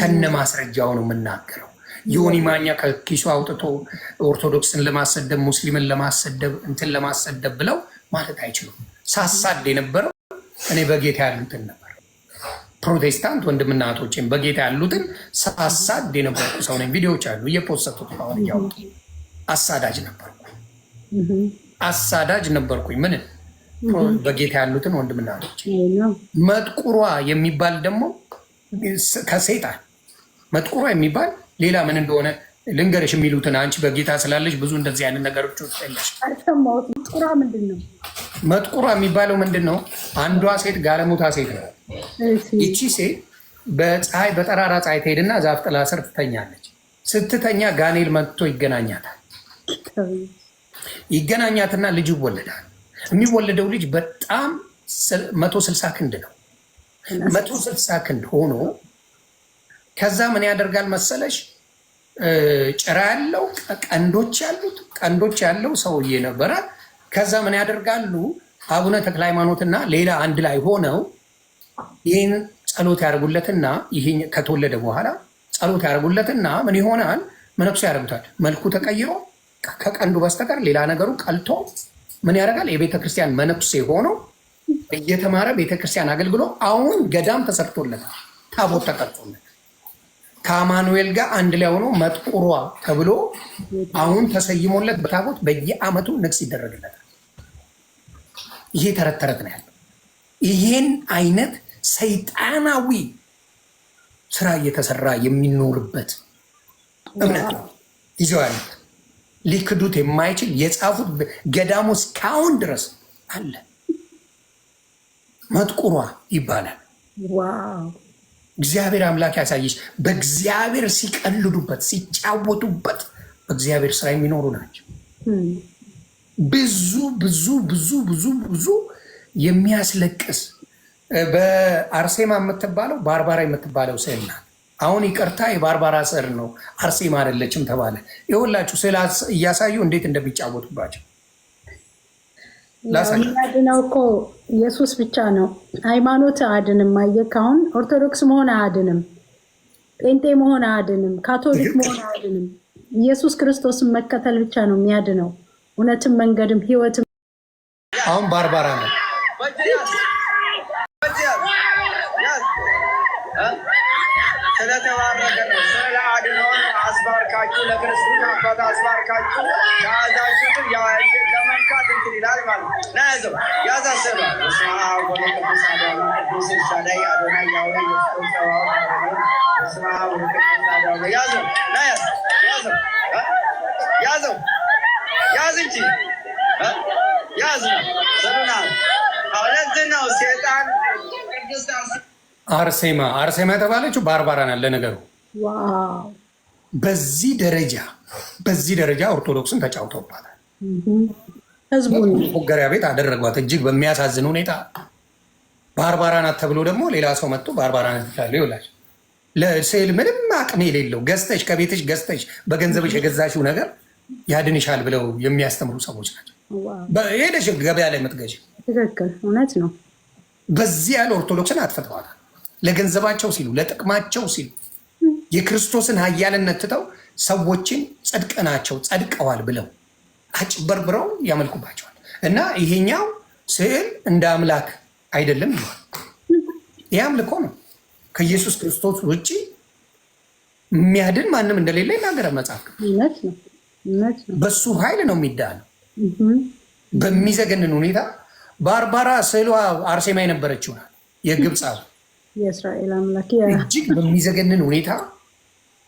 ከነ ማስረጃው ነው የምናገረው። ዮኒ ማኛ ከኪሱ አውጥቶ ኦርቶዶክስን ለማሰደብ ሙስሊምን ለማሰደብ እንትን ለማሰደብ ብለው ማለት አይችሉም። ሳሳድ የነበረው እኔ በጌታ ያሉትን ነበር። ፕሮቴስታንት ወንድምና እህቶቼን በጌታ ያሉትን ሳሳድ የነበርኩ ሰው ነኝ። ቪዲዮዎች አሉ እየፖሰቱት ሁ እያወጡ አሳዳጅ ነበርኩኝ፣ አሳዳጅ ነበርኩኝ። ምን በጌታ ያሉትን ወንድምና እህቶቼን መጥቁሯ የሚባል ደግሞ ከሴጣን መጥቁሯ የሚባል ሌላ ምን እንደሆነ ልንገርሽ የሚሉትን አንቺ በጌታ ስላለሽ ብዙ እንደዚህ አይነት ነገሮች ውስጥ የለሽ። መጥቁሯ ምንድን ነው? መጥቁሯ የሚባለው ምንድን ነው? አንዷ ሴት ጋለሞታ ሴት ነው። ይቺ ሴት በፀሐይ በጠራራ ፀሐይ ትሄድና ዛፍ ጥላ ስር ትተኛለች። ስትተኛ ጋኔል መጥቶ ይገናኛታል። ይገናኛትና ልጅ ይወለዳል። የሚወለደው ልጅ በጣም መቶ ስልሳ ክንድ ነው። መቶ ስልሳ ክንድ ሆኖ ከዛ ምን ያደርጋል መሰለሽ ጭራ ያለው ቀንዶች ያሉት ቀንዶች ያለው ሰውዬ ነበረ። ከዛ ምን ያደርጋሉ አቡነ ተክለ ሃይማኖትና ሌላ አንድ ላይ ሆነው ይህን ጸሎት ያደርጉለትና ይሄ ከተወለደ በኋላ ጸሎት ያደርጉለትና ምን ይሆናል መነኩሶ ያደርጉታል። መልኩ ተቀይሮ ከቀንዱ በስተቀር ሌላ ነገሩ ቀልቶ ምን ያደርጋል የቤተክርስቲያን መነኩስ መነኩሴ ሆኖ እየተማረ ቤተክርስቲያን አገልግሎ አሁን ገዳም ተሰርቶለታል፣ ታቦት ተቀርጾለታል። ከአማኑኤል ጋር አንድ ላይ ሆኖ መጥቁሯ ተብሎ አሁን ተሰይሞለት በታቦት በየአመቱ ንግስ ይደረግለታል። ይሄ ተረት ተረት ነው ያለው። ይሄን አይነት ሰይጣናዊ ስራ እየተሰራ የሚኖርበት እምነት ነው ይዘው ያሉት። ሊክዱት የማይችል የጻፉት ገዳሙ እስካሁን ድረስ አለ። መጥቁሯ ይባላል። እግዚአብሔር አምላክ ያሳየች። በእግዚአብሔር ሲቀልዱበት ሲጫወቱበት በእግዚአብሔር ስራ የሚኖሩ ናቸው። ብዙ ብዙ ብዙ ብዙ ብዙ የሚያስለቅስ በአርሴማ የምትባለው ባርባራ የምትባለው ስዕል ናት። አሁን ይቅርታ የባርባራ ስዕል ነው አርሴማ አይደለችም ተባለ። የሁላችሁ ስዕል እያሳዩ እንዴት እንደሚጫወቱባቸው የሚያድነው እኮ ኢየሱስ ብቻ ነው። ሃይማኖት አድንም አየህ ኦርቶዶክስ መሆን አድንም ጴንጤ መሆን አድንም ካቶሊክ መሆን አድንም። ኢየሱስ ክርስቶስን መከተል ብቻ ነው የሚያድነው፣ እውነትም መንገድም ህይወትም። አሁን ባርባራ ነው ስለተባረከ ነው። ስለ አድኖን አስባርካችሁ ለክርስቶስ አባት አስባርካችሁ ከአዛችሁትን ለመንካት እንትን ይላል ማለት ነው። ናያዘው ያዛሰበ ያዘው ያዝ እንጂ ያዝ ነው። ሰሉና ሁለትን ነው ሴጣን ቅዱስ አርሴማ አርሴማ የተባለችው ባርባራ ናት። ለነገሩ በዚህ ደረጃ በዚህ ደረጃ ኦርቶዶክስን ተጫውተውባታል። ፎገሪያ ቤት አደረጓት። እጅግ በሚያሳዝን ሁኔታ ባርባራ ናት ተብሎ ደግሞ ሌላ ሰው መጥቶ ባርባራ ናት ይላሉ ይውላል። ለስዕል ምንም አቅም የሌለው ገዝተሽ ከቤትሽ ገዝተሽ በገንዘብሽ የገዛሽው ነገር ያድንሻል ብለው የሚያስተምሩ ሰዎች ናቸው። ሄደሽ ገበያ ላይ የምትገዢ ትክክል፣ እውነት ነው። በዚህ ያለ ኦርቶዶክስን አትፈጥሯታል። ለገንዘባቸው ሲሉ፣ ለጥቅማቸው ሲሉ የክርስቶስን ኃያልነት ትተው ሰዎችን ጽድቅናቸው ጸድቀዋል ብለው አጭበርብረው ያመልኩባቸዋል። እና ይሄኛው ስዕል እንደ አምላክ አይደለም ይሆን ይህ አምልኮ ነው። ከኢየሱስ ክርስቶስ ውጭ የሚያድን ማንም እንደሌለ ይናገራል መጽሐፍ። በሱ ኃይል ነው የሚዳነው በሚዘገንን ሁኔታ ባርባራ ስዕሏ አርሴማ የነበረችው ናት የግብፅ የእስራኤል አምላክ እጅግ በሚዘገንን ሁኔታ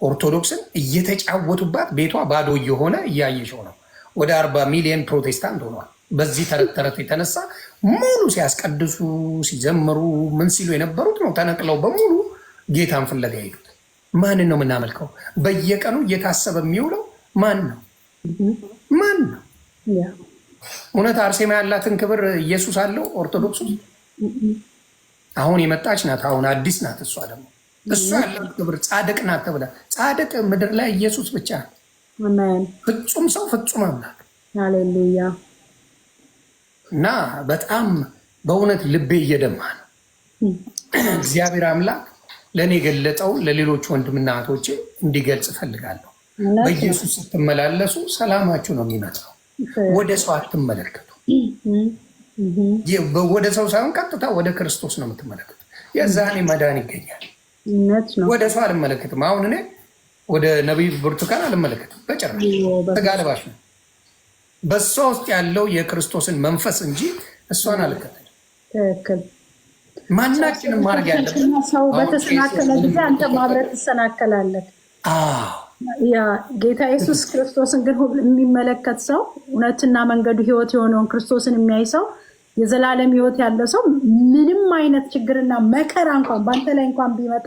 ኦርቶዶክስን እየተጫወቱባት ቤቷ ባዶ እየሆነ እያየሸው ነው። ወደ አርባ ሚሊዮን ፕሮቴስታንት ሆኗል። በዚህ ተረት ተረት የተነሳ ሙሉ ሲያስቀድሱ ሲዘምሩ ምን ሲሉ የነበሩት ነው ተነቅለው በሙሉ ጌታን ፍለጋ ሄዱት። ማንን ነው የምናመልከው? በየቀኑ እየታሰበ የሚውለው ማን ነው? ማን ነው? እውነት አርሴማ ያላትን ክብር ኢየሱስ አለው ኦርቶዶክሱ አሁን የመጣች ናት። አሁን አዲስ ናት። እሷ ደግሞ እሷ ያለው ክብር ጻድቅ ናት ተብላ ጻድቅ ምድር ላይ ኢየሱስ ብቻ ፍጹም ሰው ፍጹም አምላክ እና በጣም በእውነት ልቤ እየደማ ነው። እግዚአብሔር አምላክ ለእኔ የገለጠው ለሌሎች ወንድምና እህቶቼ እንዲገልጽ እፈልጋለሁ። በኢየሱስ ስትመላለሱ ሰላማችሁ ነው የሚመጣው። ወደ ሰው አትመለከቱ። ወደ ሰው ሳይሆን ቀጥታ ወደ ክርስቶስ ነው የምትመለከቱ። የዛኔ መዳን ይገኛል። ወደ ሰው አልመለከትም። አሁን እኔ ወደ ነቢይ ብርቱካን አልመለከትም በጭራሽ። ስጋ ለባሽ ነው። በእሷ ውስጥ ያለው የክርስቶስን መንፈስ እንጂ እሷን አልከተል። ማናችንም ማድረግ ያለብን ሰው በተሰናከለ ጊዜ አንተ ማብረት ትሰናከላለህ። ያ ጌታ ኢየሱስ ክርስቶስን ግን የሚመለከት ሰው እውነትና መንገዱ ህይወት የሆነውን ክርስቶስን የሚያይ ሰው የዘላለም ህይወት ያለው ሰው ምንም አይነት ችግርና መከራ እንኳን በአንተ ላይ እንኳን ቢመጣ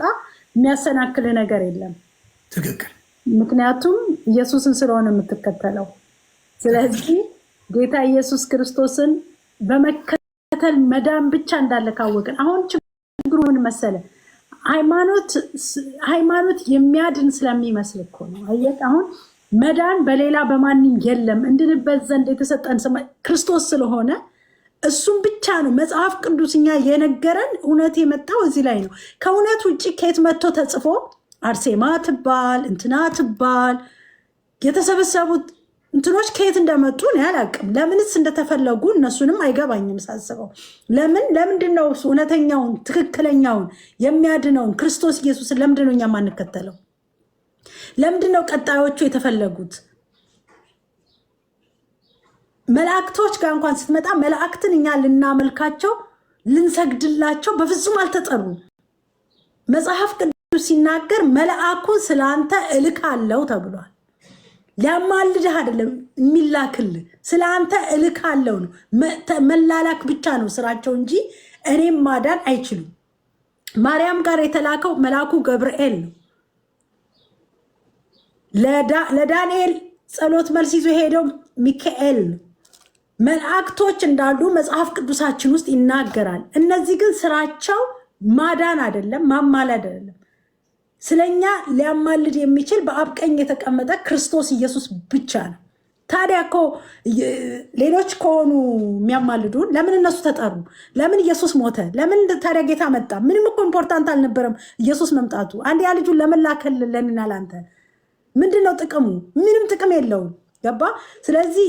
የሚያሰናክል ነገር የለም። ትክክል። ምክንያቱም ኢየሱስን ስለሆነ የምትከተለው። ስለዚህ ጌታ ኢየሱስ ክርስቶስን በመከተል መዳን ብቻ እንዳለ ካወቅን አሁን ችግሩ ምን መሰለ ሃይማኖት የሚያድን ስለሚመስል እኮ ነው። አየህ አሁን መዳን በሌላ በማንም የለም እንድንበት ዘንድ የተሰጠን ክርስቶስ ስለሆነ እሱም ብቻ ነው። መጽሐፍ ቅዱስኛ የነገረን እውነት የመጣው እዚህ ላይ ነው። ከእውነት ውጭ ከየት መጥቶ ተጽፎ አርሴማ ትባል እንትና ትባል የተሰበሰቡት እንትኖች ከየት እንደመጡ እኔ አላውቅም። ለምንስ እንደተፈለጉ እነሱንም አይገባኝም ሳስበው። ለምን ለምንድን ነው እውነተኛውን ትክክለኛውን የሚያድነውን ክርስቶስ ኢየሱስን ለምንድን ነው እኛ የማንከተለው? ለምንድን ነው ቀጣዮቹ የተፈለጉት? መላእክቶች ጋር እንኳን ስትመጣ መላእክትን እኛ ልናመልካቸው ልንሰግድላቸው በፍጹም አልተጠሩም። መጽሐፍ ቅዱስ ሲናገር መልአኩን ስለአንተ አንተ እልካለሁ ተብሏል። ሊያማልድህ አይደለም የሚላክል ስለ አንተ እልክ አለው ነው። መላላክ ብቻ ነው ስራቸው እንጂ እኔም ማዳን አይችሉም። ማርያም ጋር የተላከው መልአኩ ገብርኤል ነው። ለዳንኤል ጸሎት መልስ ይዞ ሄደው ሚካኤል ነው። መላእክቶች እንዳሉ መጽሐፍ ቅዱሳችን ውስጥ ይናገራል። እነዚህ ግን ስራቸው ማዳን አይደለም፣ ማማለድ አይደለም። ስለኛ ሊያማልድ የሚችል በአብ ቀኝ የተቀመጠ ክርስቶስ ኢየሱስ ብቻ ነው። ታዲያ እኮ ሌሎች ከሆኑ የሚያማልዱ ለምን እነሱ ተጠሩ? ለምን ኢየሱስ ሞተ? ለምን ታዲያ ጌታ መጣ? ምንም እኮ ኢምፖርታንት አልነበረም ኢየሱስ መምጣቱ። አንድ ያ ልጁን ለመላከል ለኔና ለአንተ ምንድን ነው ጥቅሙ? ምንም ጥቅም የለውም። ገባ? ስለዚህ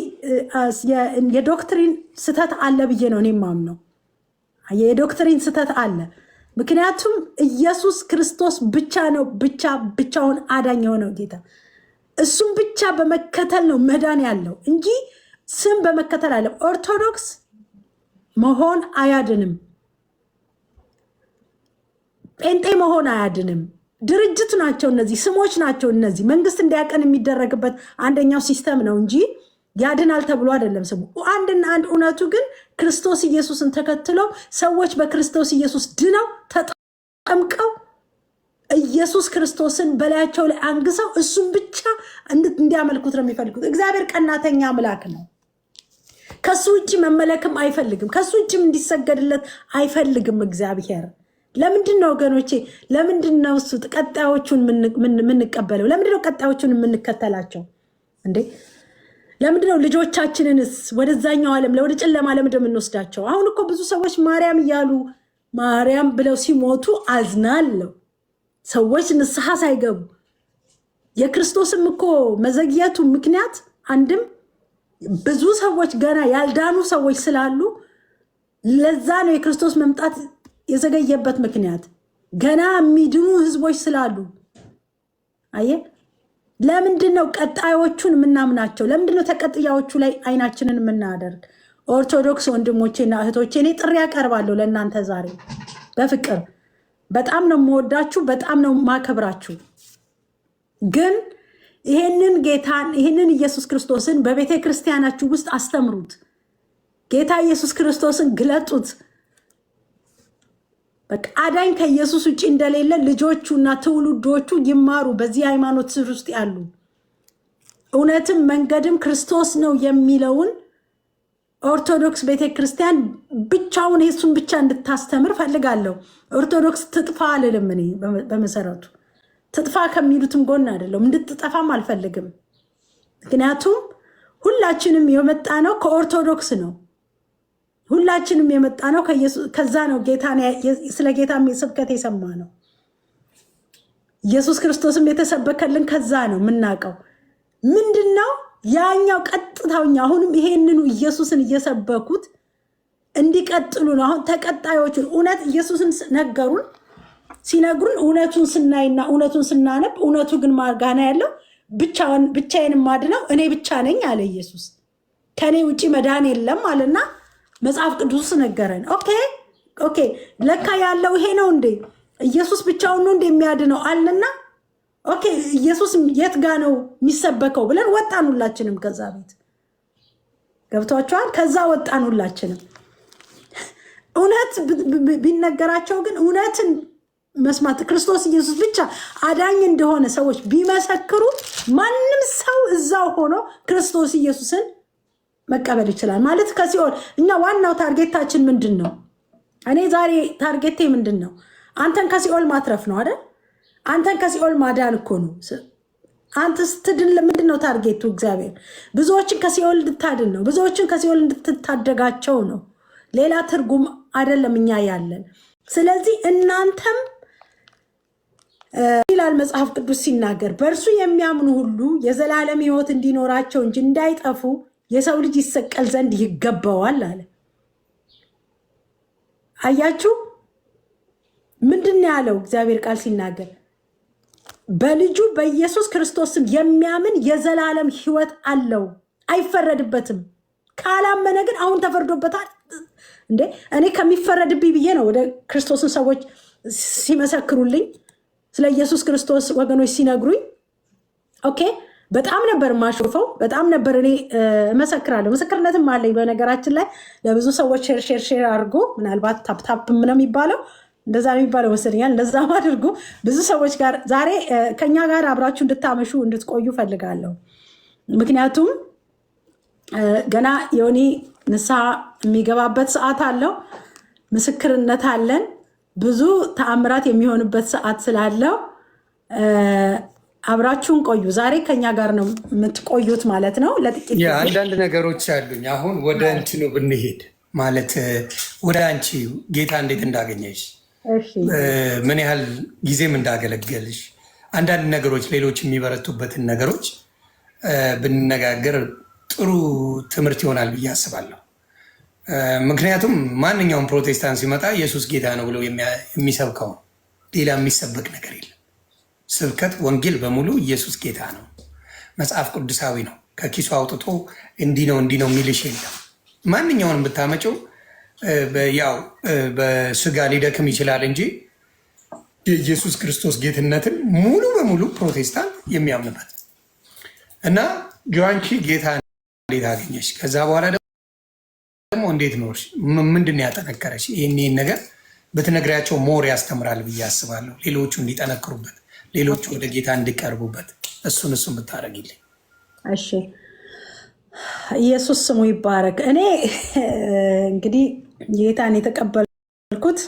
የዶክትሪን ስህተት አለ ብዬ ነው እኔ የማምነው። የዶክትሪን ስህተት አለ። ምክንያቱም ኢየሱስ ክርስቶስ ብቻ ነው ብቻ ብቻውን አዳኝ የሆነው ጌታ። እሱም ብቻ በመከተል ነው መዳን ያለው እንጂ ስም በመከተል አለ። ኦርቶዶክስ መሆን አያድንም። ጴንጤ መሆን አያድንም። ድርጅት ናቸው እነዚህ፣ ስሞች ናቸው እነዚህ። መንግስት እንዲያቀን የሚደረግበት አንደኛው ሲስተም ነው እንጂ ያድናል ተብሎ አይደለም ስሙ። አንድና አንድ እውነቱ ግን ክርስቶስ ኢየሱስን ተከትለው ሰዎች በክርስቶስ ኢየሱስ ድነው ተጠምቀው ኢየሱስ ክርስቶስን በላያቸው ላይ አንግሰው እሱን ብቻ እንዲያመልኩት ነው የሚፈልጉት። እግዚአብሔር ቀናተኛ አምላክ ነው። ከሱ ውጭ መመለክም አይፈልግም። ከሱ ውጭም እንዲሰገድለት አይፈልግም እግዚአብሔር። ለምንድን ነው ወገኖቼ? ለምንድን ነው እሱ ቀጣዮቹን የምንቀበለው? ለምንድን ነው ቀጣዮቹን የምንከተላቸው እንዴ? ለምንድነው ልጆቻችንንስ ወደዛኛው ዓለም ለወደ ጨለማ ለምንድን የምንወስዳቸው? አሁን እኮ ብዙ ሰዎች ማርያም እያሉ ማርያም ብለው ሲሞቱ አዝናለው ሰዎች ንስሐ ሳይገቡ የክርስቶስም እኮ መዘግየቱ ምክንያት አንድም ብዙ ሰዎች ገና ያልዳኑ ሰዎች ስላሉ ለዛ ነው የክርስቶስ መምጣት የዘገየበት ምክንያት ገና የሚድኑ ህዝቦች ስላሉ አየ ለምንድን ነው ቀጣዮቹን የምናምናቸው? ለምንድን ነው ተቀጥያዎቹ ላይ አይናችንን የምናደርግ? ኦርቶዶክስ ወንድሞቼና እህቶቼ እኔ ጥሪ ያቀርባለሁ ለእናንተ ዛሬ በፍቅር በጣም ነው የምወዳችሁ፣ በጣም ነው ማከብራችሁ። ግን ይሄንን ጌታን ይሄንን ኢየሱስ ክርስቶስን በቤተ ክርስቲያናችሁ ውስጥ አስተምሩት። ጌታ ኢየሱስ ክርስቶስን ግለጡት። በቃ አዳኝ ከኢየሱስ ውጭ እንደሌለ ልጆቹና ትውልዶቹ ይማሩ። በዚህ ሃይማኖት ስር ውስጥ ያሉ እውነትም መንገድም ክርስቶስ ነው የሚለውን ኦርቶዶክስ ቤተክርስቲያን ብቻውን የሱን ብቻ እንድታስተምር ፈልጋለሁ። ኦርቶዶክስ ትጥፋ አልልም እኔ በመሰረቱ ትጥፋ ከሚሉትም ጎን አይደለም፣ እንድትጠፋም አልፈልግም። ምክንያቱም ሁላችንም የመጣ ነው ከኦርቶዶክስ ነው። ሁላችንም የመጣ ነው ከዛ ነው። ስለ ጌታ ስብከት የሰማ ነው። ኢየሱስ ክርስቶስም የተሰበከልን ከዛ ነው የምናውቀው። ምንድን ነው ያኛው ቀጥታውኛ። አሁንም ይሄንኑ ኢየሱስን እየሰበኩት እንዲቀጥሉ ነው። አሁን ተቀጣዮቹን እውነት ኢየሱስን ነገሩን ሲነግሩን እውነቱን ስናይና እውነቱን ስናነብ እውነቱ ግን ማርጋና ያለው ብቻዬን ማድነው እኔ ብቻ ነኝ አለ ኢየሱስ። ከእኔ ውጭ መዳን የለም አለና መጽሐፍ ቅዱስ ነገረን። ኦኬ ኦኬ፣ ለካ ያለው ይሄ ነው እንዴ? ኢየሱስ ብቻውን ነው እንዴ የሚያድነው አልንና፣ ኦኬ ኢየሱስ የት ጋ ነው የሚሰበከው ብለን ወጣን ሁላችንም ከዛ ቤት ገብቷቸዋል። ከዛ ወጣን ሁላችንም። እውነት ቢነገራቸው ግን እውነትን መስማት ክርስቶስ ኢየሱስ ብቻ አዳኝ እንደሆነ ሰዎች ቢመሰክሩ ማንም ሰው እዛው ሆኖ ክርስቶስ ኢየሱስን መቀበል ይችላል ማለት ከሲኦል እኛ ዋናው ታርጌታችን ምንድን ነው? እኔ ዛሬ ታርጌቴ ምንድን ነው? አንተን ከሲኦል ማትረፍ ነው አይደል? አንተን ከሲኦል ማዳን እኮ ነው። አንተ ስትድን ለምንድን ነው ታርጌቱ? እግዚአብሔር ብዙዎችን ከሲኦል እንድታድን ነው። ብዙዎችን ከሲኦል እንድትታደጋቸው ነው። ሌላ ትርጉም አይደለም እኛ ያለን። ስለዚህ እናንተም ይላል መጽሐፍ ቅዱስ ሲናገር በእርሱ የሚያምኑ ሁሉ የዘላለም ሕይወት እንዲኖራቸው እንጂ እንዳይጠፉ የሰው ልጅ ይሰቀል ዘንድ ይገባዋል አለ። አያችሁ ምንድን ያለው እግዚአብሔር ቃል ሲናገር በልጁ በኢየሱስ ክርስቶስም የሚያምን የዘላለም ሕይወት አለው፣ አይፈረድበትም። ካላመነ ግን አሁን ተፈርዶበታል። እንዴ እኔ ከሚፈረድብኝ ብዬ ነው ወደ ክርስቶስን ሰዎች ሲመሰክሩልኝ ስለ ኢየሱስ ክርስቶስ ወገኖች ሲነግሩኝ ኦኬ በጣም ነበር ማሾፈው። በጣም ነበር እኔ እመሰክራለሁ። ምስክርነትም አለኝ። በነገራችን ላይ ለብዙ ሰዎች ሼር ሼር አድርጎ ምናልባት ታፕታፕ ነው የሚባለው እንደዛ ነው የሚባለው መሰለኛል። እንደዛም አድርጉ ብዙ ሰዎች ጋር ዛሬ ከኛ ጋር አብራችሁ እንድታመሹ እንድትቆዩ ፈልጋለሁ። ምክንያቱም ገና የሆኒ ንስሐ የሚገባበት ሰዓት አለው። ምስክርነት አለን። ብዙ ተአምራት የሚሆንበት ሰዓት ስላለው አብራችሁን ቆዩ። ዛሬ ከኛ ጋር ነው የምትቆዩት ማለት ነው። ለጥቂት አንዳንድ ነገሮች አሉኝ። አሁን ወደ እንትኑ ብንሄድ ማለት ወደ አንቺ ጌታ እንዴት እንዳገኘሽ፣ ምን ያህል ጊዜም እንዳገለገልሽ አንዳንድ ነገሮች፣ ሌሎች የሚበረቱበትን ነገሮች ብንነጋገር ጥሩ ትምህርት ይሆናል ብዬ አስባለሁ። ምክንያቱም ማንኛውም ፕሮቴስታንት ሲመጣ ኢየሱስ ጌታ ነው ብለው የሚሰብከው ሌላ የሚሰበክ ነገር የለም። ስብከት፣ ወንጌል በሙሉ ኢየሱስ ጌታ ነው፣ መጽሐፍ ቅዱሳዊ ነው። ከኪሱ አውጥቶ እንዲህ ነው እንዲህ ነው የሚልሽ የለም። ማንኛውን ብታመጪው ያው በስጋ ሊደክም ይችላል እንጂ የኢየሱስ ክርስቶስ ጌትነትን ሙሉ በሙሉ ፕሮቴስታንት የሚያምንበት እና ጆንቺ ጌታ እንዴት አገኘሽ? ከዛ በኋላ ደግሞ እንዴት ኖርሽ? ምንድን ያጠነከረች? ይህን ነገር ብትነግሪያቸው ሞር ያስተምራል ብዬ አስባለሁ፣ ሌሎቹ እንዲጠነክሩበት ሌሎች ወደ ጌታ እንዲቀርቡበት እሱን እሱን ብታደርጊልኝ። እሺ፣ ኢየሱስ ስሙ ይባረክ። እኔ እንግዲህ ጌታን የተቀበልኩት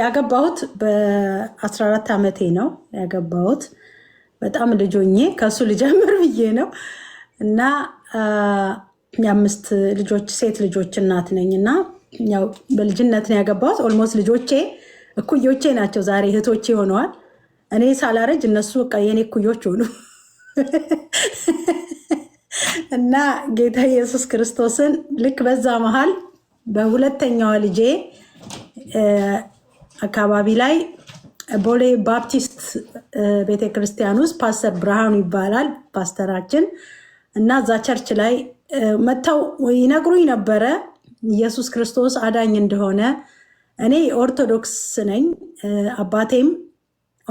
ያገባሁት በ14 ዓመቴ ነው ያገባሁት። በጣም ልጆኜ ከእሱ ልጀምር ብዬ ነው እና የአምስት ልጆች ሴት ልጆች እናት ነኝ እና ያው በልጅነት ነው ያገባሁት። ኦልሞስት ልጆቼ እኩዮቼ ናቸው። ዛሬ እህቶቼ ሆነዋል። እኔ ሳላረጅ እነሱ በቃ የኔ እኩዮች ሆኑ እና ጌታ ኢየሱስ ክርስቶስን ልክ በዛ መሀል በሁለተኛዋ ልጄ አካባቢ ላይ ቦሌ ባፕቲስት ቤተክርስቲያን ውስጥ ፓስተር ብርሃኑ ይባላል ፓስተራችን እና እዛ ቸርች ላይ መጥተው ይነግሩኝ ነበረ ኢየሱስ ክርስቶስ አዳኝ እንደሆነ እኔ ኦርቶዶክስ ነኝ። አባቴም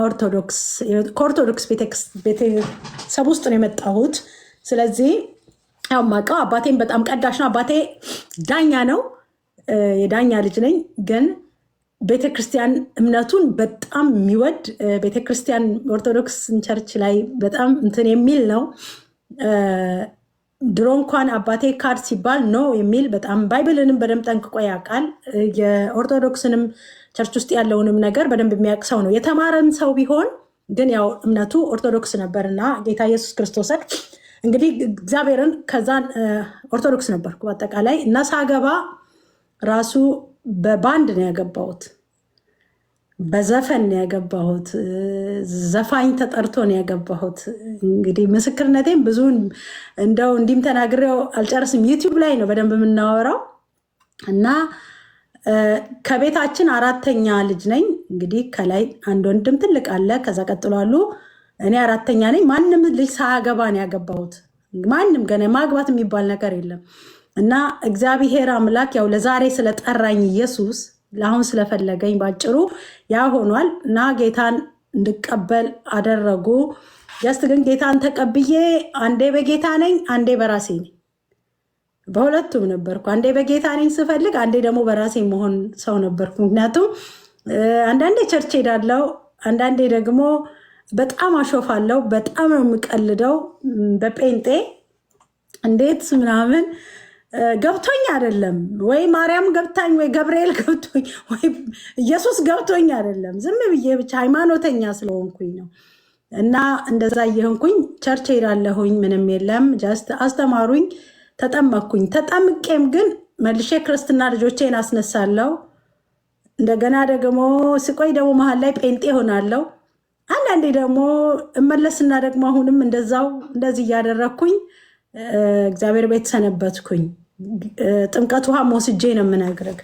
ኦርቶዶክስ ከኦርቶዶክስ ቤተሰብ ውስጥ ነው የመጣሁት። ስለዚህ ያው የማውቀው አባቴም በጣም ቀዳሽ ነው። አባቴ ዳኛ ነው፣ የዳኛ ልጅ ነኝ። ግን ቤተክርስቲያን እምነቱን በጣም የሚወድ ቤተክርስቲያን ኦርቶዶክስ ቸርች ላይ በጣም እንትን የሚል ነው። ድሮ እንኳን አባቴ ካድ ሲባል ኖ የሚል በጣም ባይብልንም በደንብ ጠንቅቆ ያውቃል። የኦርቶዶክስንም ቸርች ውስጥ ያለውንም ነገር በደንብ የሚያውቅ ሰው ነው። የተማረም ሰው ቢሆን ግን ያው እምነቱ ኦርቶዶክስ ነበርና ጌታ ኢየሱስ ክርስቶስን እንግዲህ እግዚአብሔርን ከዛን ኦርቶዶክስ ነበርኩ በአጠቃላይ እና ሳገባ ራሱ በባንድ ነው ያገባሁት። በዘፈን ነው ያገባሁት። ዘፋኝ ተጠርቶ ነው ያገባሁት። እንግዲህ ምስክርነቴም ብዙ እንደው እንዲህም ተናግሬው አልጨርስም። ዩቲዩብ ላይ ነው በደንብ የምናወራው እና ከቤታችን አራተኛ ልጅ ነኝ። እንግዲህ ከላይ አንድ ወንድም ትልቅ አለ፣ ከዛ ቀጥሎ አሉ። እኔ አራተኛ ነኝ። ማንም ልጅ ሳያገባ ነው ያገባሁት። ማንም ገና ማግባት የሚባል ነገር የለም እና እግዚአብሔር አምላክ ያው ለዛሬ ስለጠራኝ ኢየሱስ አሁን ስለፈለገኝ ባጭሩ ያ ሆኗል እና ጌታን እንድቀበል አደረጉ። ጀስት ግን ጌታን ተቀብዬ አንዴ በጌታ ነኝ፣ አንዴ በራሴ ነኝ። በሁለቱም ነበርኩ። አንዴ በጌታ ነኝ ስፈልግ፣ አንዴ ደግሞ በራሴ መሆን ሰው ነበርኩ። ምክንያቱም አንዳንዴ ቸርች ሄዳለው፣ አንዳንዴ ደግሞ በጣም አሾፋለው፣ በጣም ነው የምቀልደው በጴንጤ እንዴት ምናምን ገብቶኝ አይደለም ወይ ማርያም ገብታኝ ወይ ገብርኤል ገብቶኝ ወይ ኢየሱስ ገብቶኝ አይደለም። ዝም ብዬ ብቻ ሃይማኖተኛ ስለሆንኩኝ ነው። እና እንደዛ እየሆንኩኝ ቸርች ሄዳለሁኝ። ምንም የለም ጀስት አስተማሩኝ፣ ተጠመኩኝ ተጠምቄም ግን መልሼ ክርስትና ልጆቼን አስነሳለሁ። እንደገና ደግሞ ስቆይ ደግሞ መሀል ላይ ጴንጤ ሆናለሁ። አንዳንዴ ደግሞ እመለስና ደግሞ አሁንም እንደዛው እንደዚህ እያደረግኩኝ እግዚአብሔር ቤት ሰነበትኩኝ። ጥምቀት ውሃ ወስጄ ነው የምነግርህ።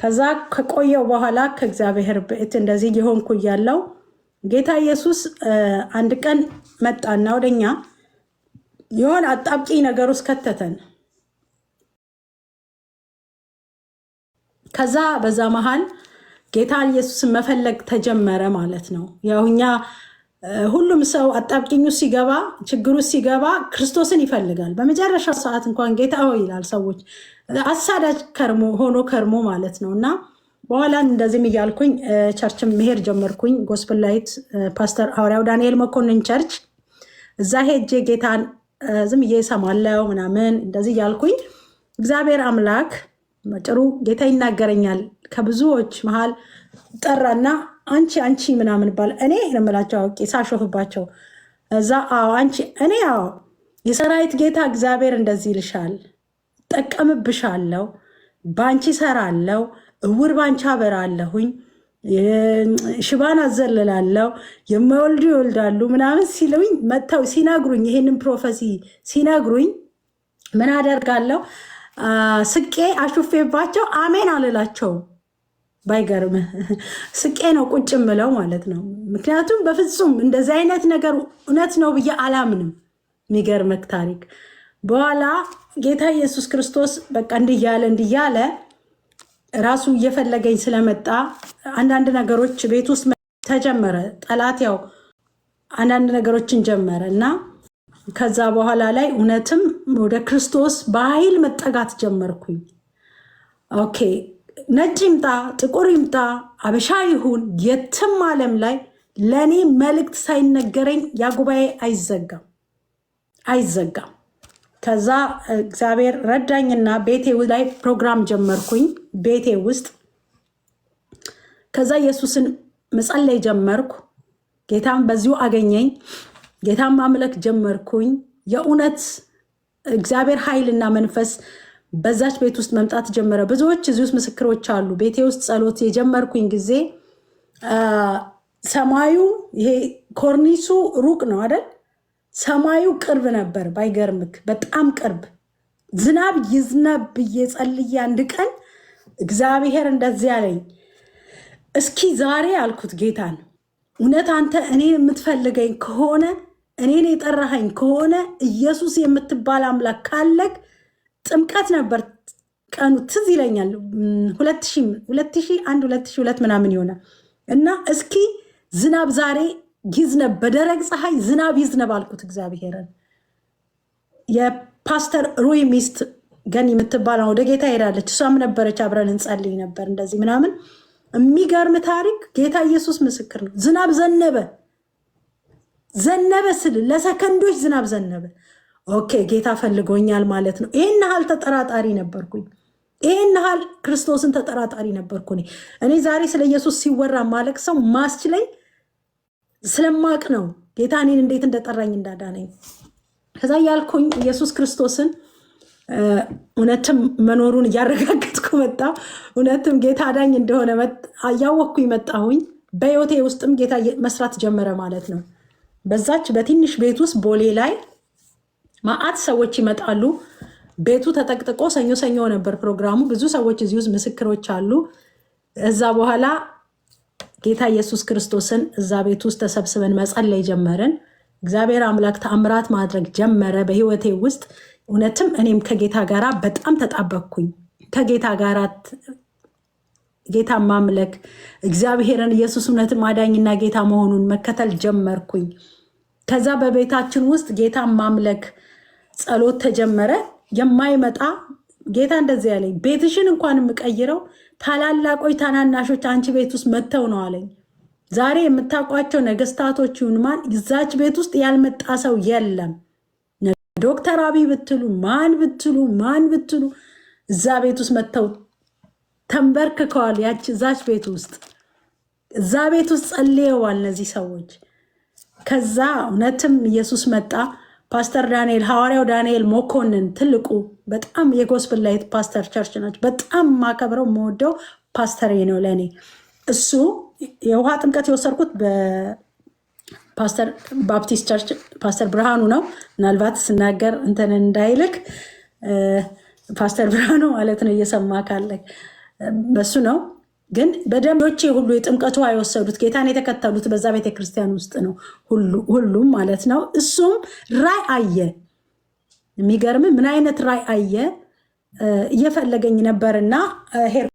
ከዛ ከቆየው በኋላ ከእግዚአብሔር ብዕት እንደዚህ የሆንኩ እያለው ጌታ ኢየሱስ አንድ ቀን መጣና ወደኛ የሆነ አጣብቂኝ ነገር ውስጥ ከተተን። ከዛ በዛ መሀል ጌታ ኢየሱስን መፈለግ ተጀመረ ማለት ነው ያው እኛ ሁሉም ሰው አጣብቂኙ ሲገባ ችግሩ ሲገባ ክርስቶስን ይፈልጋል። በመጨረሻ ሰዓት እንኳን ጌታ ሆይ ይላል። ሰዎች አሳዳጅ ከርሞ ሆኖ ከርሞ ማለት ነው እና በኋላ እንደዚህም እያልኩኝ ቸርችም መሄድ ጀመርኩኝ። ጎስፕል ላይት ፓስተር ሐዋርያው ዳንኤል መኮንን ቸርች እዛ ሄጄ ጌታን ዝም እየሰማለው ምናምን እንደዚህ እያልኩኝ እግዚአብሔር አምላክ ጥሩ ጌታ ይናገረኛል ከብዙዎች መሃል ጠራና አንቺ አንቺ ምናምን ባል እኔ ለምላቸው አውቄ ሳሾፍባቸው እዛ አዎ አንቺ እኔ አዎ የሰራዊት ጌታ እግዚአብሔር እንደዚህ ይልሻል፣ ጠቀምብሻለው፣ በአንቺ ሰራለው፣ እውር ባንቺ አበራለሁኝ፣ ሽባን አዘልላለው፣ የማይወልዱ ይወልዳሉ ምናምን ሲሉኝ መጥተው ሲነግሩኝ፣ ይሄንን ፕሮፌሲ ሲነግሩኝ ምን አደርጋለሁ? ስቄ አሹፌባቸው አሜን አልላቸውም። ባይገርም ስቄ ነው ቁጭ ምለው ማለት ነው። ምክንያቱም በፍጹም እንደዚህ አይነት ነገር እውነት ነው ብዬ አላምንም። የሚገርመክ ታሪክ በኋላ ጌታ ኢየሱስ ክርስቶስ በቃ እንድያለ እንድያለ ራሱ እየፈለገኝ ስለመጣ አንዳንድ ነገሮች ቤት ውስጥ ተጀመረ። ጠላት ያው አንዳንድ ነገሮችን ጀመረ እና ከዛ በኋላ ላይ እውነትም ወደ ክርስቶስ በኃይል መጠጋት ጀመርኩኝ። ኦኬ ነጭ ይምጣ ጥቁር ይምጣ አበሻ ይሁን የትም ዓለም ላይ ለእኔ መልእክት ሳይነገረኝ ያ ጉባኤ አይዘጋም አይዘጋም። ከዛ እግዚአብሔር ረዳኝና ቤቴ ላይ ፕሮግራም ጀመርኩኝ ቤቴ ውስጥ። ከዛ ኢየሱስን መጸለይ ጀመርኩ። ጌታም በዚሁ አገኘኝ። ጌታም ማምለክ ጀመርኩኝ። የእውነት እግዚአብሔር ኃይልና መንፈስ በዛች ቤት ውስጥ መምጣት ጀመረ። ብዙዎች እዚህ ውስጥ ምስክሮች አሉ። ቤቴ ውስጥ ጸሎት የጀመርኩኝ ጊዜ ሰማዩ ይሄ ኮርኒሱ ሩቅ ነው አይደል? ሰማዩ ቅርብ ነበር። ባይገርምክ በጣም ቅርብ ዝናብ ይዝነብ ብዬ ጸልዬ አንድ ቀን እግዚአብሔር እንደዚህ አለኝ፣ እስኪ ዛሬ አልኩት ጌታን፣ እውነት አንተ እኔን የምትፈልገኝ ከሆነ እኔን የጠራኸኝ ከሆነ ኢየሱስ የምትባል አምላክ ካለክ ጥምቀት ነበር ቀኑ ትዝ ይለኛል። ሁለት ሺህ አንድ ሁለት ሺህ ሁለት ምናምን ይሆናል እና እስኪ ዝናብ ዛሬ ይዝነብ፣ በደረግ ፀሐይ ዝናብ ይዝነብ አልኩት እግዚአብሔርን። የፓስተር ሩይ ሚስት ገን የምትባል ወደ ጌታ ሄዳለች። እሷም ነበረች አብረን እንጸልይ ነበር እንደዚህ ምናምን። የሚገርም ታሪክ ጌታ ኢየሱስ ምስክር ነው። ዝናብ ዘነበ ዘነበ ስል ለሰከንዶች ዝናብ ዘነበ። ኦኬ ጌታ ፈልጎኛል ማለት ነው። ይህን ያህል ተጠራጣሪ ነበርኩኝ። ይህን ያህል ክርስቶስን ተጠራጣሪ ነበርኩ። እኔ ዛሬ ስለ ኢየሱስ ሲወራ ማለቅ ሰው ማስችለኝ ስለማቅ ነው። ጌታ እኔን እንዴት እንደጠራኝ እንዳዳነኝ ከዛ ያልኩኝ ኢየሱስ ክርስቶስን እውነትም መኖሩን እያረጋገጥኩ መጣ። እውነትም ጌታ አዳኝ እንደሆነ እያወቅኩኝ መጣሁኝ። በህይወቴ ውስጥም ጌታ መስራት ጀመረ ማለት ነው። በዛች በትንሽ ቤት ውስጥ ቦሌ ላይ ማአት ሰዎች ይመጣሉ። ቤቱ ተጠቅጥቆ ሰኞ ሰኞ ነበር ፕሮግራሙ። ብዙ ሰዎች እዚህ ውስጥ ምስክሮች አሉ። እዛ በኋላ ጌታ ኢየሱስ ክርስቶስን እዛ ቤት ውስጥ ተሰብስበን መጸለይ ጀመርን። እግዚአብሔር አምላክ ተአምራት ማድረግ ጀመረ በህይወቴ ውስጥ። እውነትም እኔም ከጌታ ጋራ በጣም ተጣበቅኩኝ። ከጌታ ጋራ ጌታ ማምለክ እግዚአብሔርን ኢየሱስ እውነትን ማዳኝና ጌታ መሆኑን መከተል ጀመርኩኝ። ከዛ በቤታችን ውስጥ ጌታ ማምለክ ጸሎት ተጀመረ። የማይመጣ ጌታ እንደዚህ ያለኝ ቤትሽን እንኳን የምቀይረው ታላላቆች ታናናሾች አንቺ ቤት ውስጥ መጥተው ነው አለኝ። ዛሬ የምታውቋቸው ነገስታቶች ይሁን ማን እዛች ቤት ውስጥ ያልመጣ ሰው የለም። ዶክተር አብይ ብትሉ ማን ብትሉ ማን ብትሉ እዛ ቤት ውስጥ መጥተው ተንበርክከዋል። ያች እዛች ቤት ውስጥ እዛ ቤት ውስጥ ጸልየዋል እነዚህ ሰዎች። ከዛ እውነትም ኢየሱስ መጣ። ፓስተር ዳንኤል ሐዋርያው ዳንኤል መኮንን ትልቁ በጣም የጎስፕል ላይት ፓስተር ቸርች ናቸው። በጣም ማከብረው መወደው ፓስተሬ ነው ለእኔ እሱ የውሃ ጥምቀት የወሰድኩት በፓስተር ባፕቲስት ቸርች ፓስተር ብርሃኑ ነው። ምናልባት ስናገር እንትን እንዳይልክ ፓስተር ብርሃኑ ማለት ነው እየሰማ ካለ በሱ ነው ግን በደንቦቼ ሁሉ የጥምቀቱ የወሰዱት ጌታን የተከተሉት በዛ ቤተክርስቲያን ውስጥ ነው፣ ሁሉም ማለት ነው። እሱም ራይ አየ። የሚገርም ምን አይነት ራይ አየ? እየፈለገኝ ነበርና ሄር